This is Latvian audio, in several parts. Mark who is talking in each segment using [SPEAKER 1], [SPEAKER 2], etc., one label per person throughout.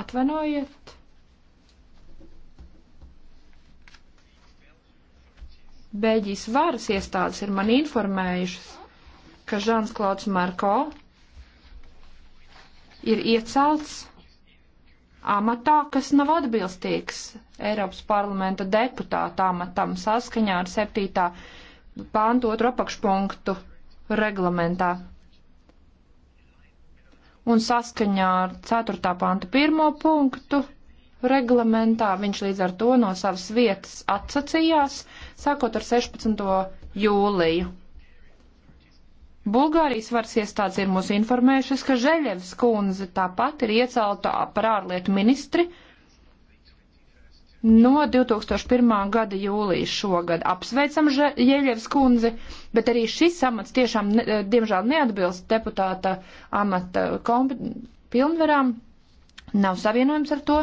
[SPEAKER 1] Atvainojiet. Beļģijas varas iestādes ir mani informējušas, ka Žans Klauds Marko ir iecelts amatā, kas nav atbilstīgs Eiropas parlamenta deputāta amatam saskaņā ar 7. pāntu otru apakšpunktu reglamentā un saskaņā ar 4. pantu 1. punktu reglamentā viņš līdz ar to no savas vietas atsacījās, sākot ar 16. jūliju. Bulgārijas varas iestādes ir mūs informējušas, ka Žeļevs kundze tāpat ir iecelta par ārlietu ministri no 2001. gada jūlijas šogad. Apsveicam Jēļevs kundzi, bet arī šis amats tiešām, ne, eh, diemžēl, neatbilst deputāta amata pilnvarām. Nav savienojums ar to.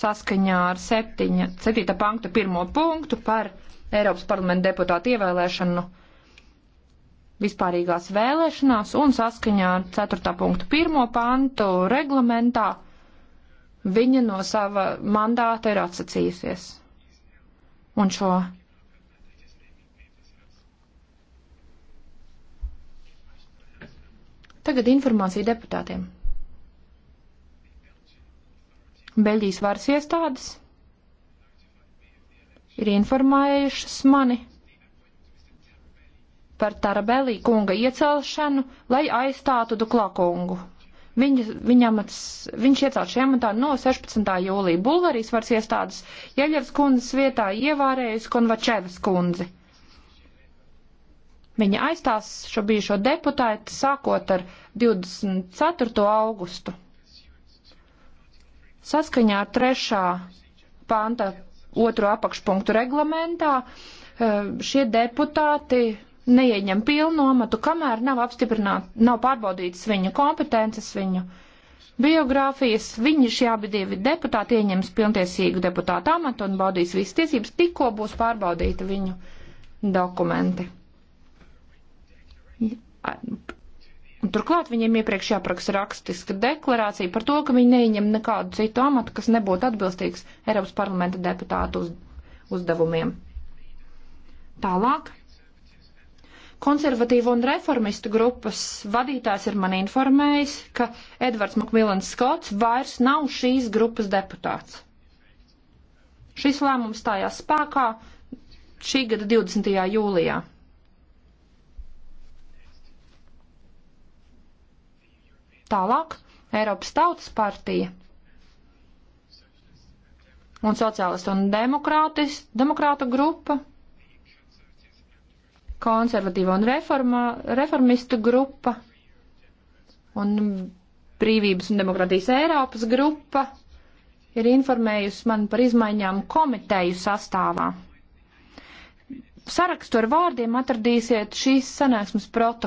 [SPEAKER 1] Saskaņā ar 7. 7. pantu 1. punktu par Eiropas parlamenta deputātu ievēlēšanu vispārīgās vēlēšanās un saskaņā ar 4. punktu 1. pantu reglamentā viņa no sava mandāta ir atsacījusies. Un šo Tagad informācija deputātiem. Beļģijas varas iestādes ir informējušas mani par Tarabelī kunga iecelšanu, lai aizstātu Duklā kungu. Viņa, viņa amats, viņš iecelt šajā amatā no 16. jūlija. Bulgarijas varas iestādes Jeļers kundzes vietā ievārējusi Konvačevas kundzi. Viņa aizstās šo bijušo deputātu sākot ar 24. augustu. Saskaņā ar 3. panta otro apakšpunktu reglamentā eh, šie deputāti neieņem pilnu amatu, kamēr nav apstiprināt, nav pārbaudīts viņu kompetences, viņu biogrāfijas. Viņi šie abi divi deputāti ieņems pilntiesīgu deputātu amatu un baudīs visas tiesības, tikko būs pārbaudīta viņu dokumenti. Turklāt viņiem iepriekš jāpraksta rakstiska deklarācija par to, ka viņi neieņem nekādu citu amatu, kas nebūtu atbilstīgs Eiropas parlamenta deputātu uz, uzdevumiem. Tālāk Konservatīvu un reformistu grupas vadītājs ir man informējis, ka Edvards Makmilans Skots vairs nav šīs grupas deputāts. Šis lēmums stājās spēkā šī gada 20. jūlijā. Tālāk Eiropas Tautas partija un sociālistu un demokrātu grupa konservatīva un reforma, reformistu grupa un brīvības un demokratijas Eiropas grupa ir informējusi man par izmaiņām komiteju sastāvā. Sarakstu ar vārdiem atradīsiet šīs sanāksmes protokols.